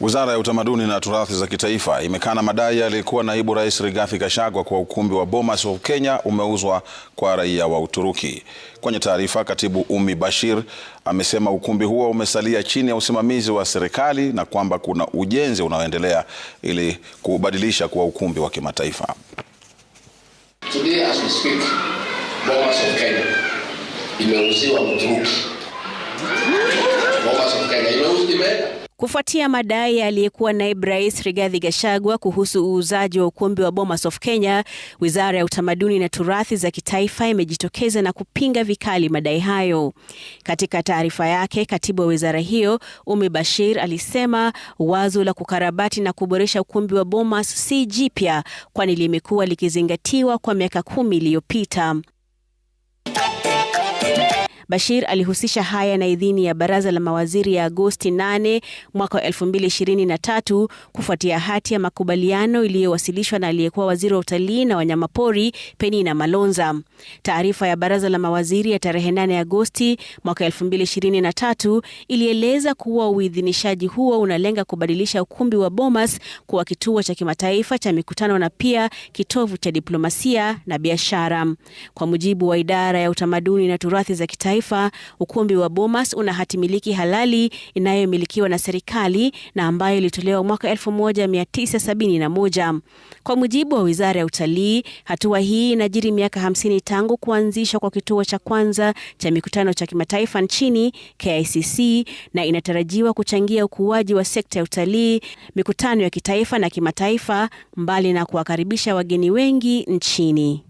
Wizara ya Utamaduni na Turathi za Kitaifa imekana madai aliyekuwa naibu rais Rigathi Gachagua kwa ukumbi wa Bomas of Kenya umeuzwa kwa raia wa Uturuki. Kwenye taarifa, katibu Umi Bashir amesema ukumbi huo umesalia chini ya usimamizi wa serikali na kwamba kuna ujenzi unaoendelea ili kubadilisha kuwa ukumbi wa kimataifa. Today as we speak, Bomas of Kenya imeuziwa Uturuki. Bomas of Kenya imeuziwa Kufuatia madai aliyekuwa naibu rais Rigathi Gachagua kuhusu uuzaji wa ukumbi wa Bomas of Kenya, wizara ya utamaduni na turathi za kitaifa imejitokeza na kupinga vikali madai hayo. Katika taarifa yake, katibu wa wizara hiyo Umi Bashir alisema wazo la kukarabati na kuboresha ukumbi wa Bomas si jipya, kwani limekuwa likizingatiwa kwa miaka kumi iliyopita. Bashir alihusisha haya na idhini ya baraza la mawaziri ya Agosti 8 mwaka 2023 kufuatia hati ya makubaliano iliyowasilishwa na aliyekuwa waziri wa utalii na wanyamapori Penina Malonza. Taarifa ya baraza la mawaziri ya tarehe 8 Agosti mwaka 2023 ilieleza kuwa uidhinishaji huo unalenga kubadilisha ukumbi wa Bomas kuwa kituo cha kimataifa cha mikutano na pia kitovu cha diplomasia na biashara. Kwa mujibu wa idara ya utamaduni na turathi za kitaifa Taifa, ukumbi wa Bomas una hatimiliki halali inayomilikiwa na serikali na ambayo ilitolewa mwaka 1971. Kwa mujibu wa Wizara ya Utalii, hatua hii inajiri miaka 50 tangu kuanzishwa kwa kituo cha kwanza cha mikutano cha kimataifa nchini KICC, na inatarajiwa kuchangia ukuaji wa sekta ya utalii, mikutano ya kitaifa na kimataifa, mbali na kuwakaribisha wageni wengi nchini.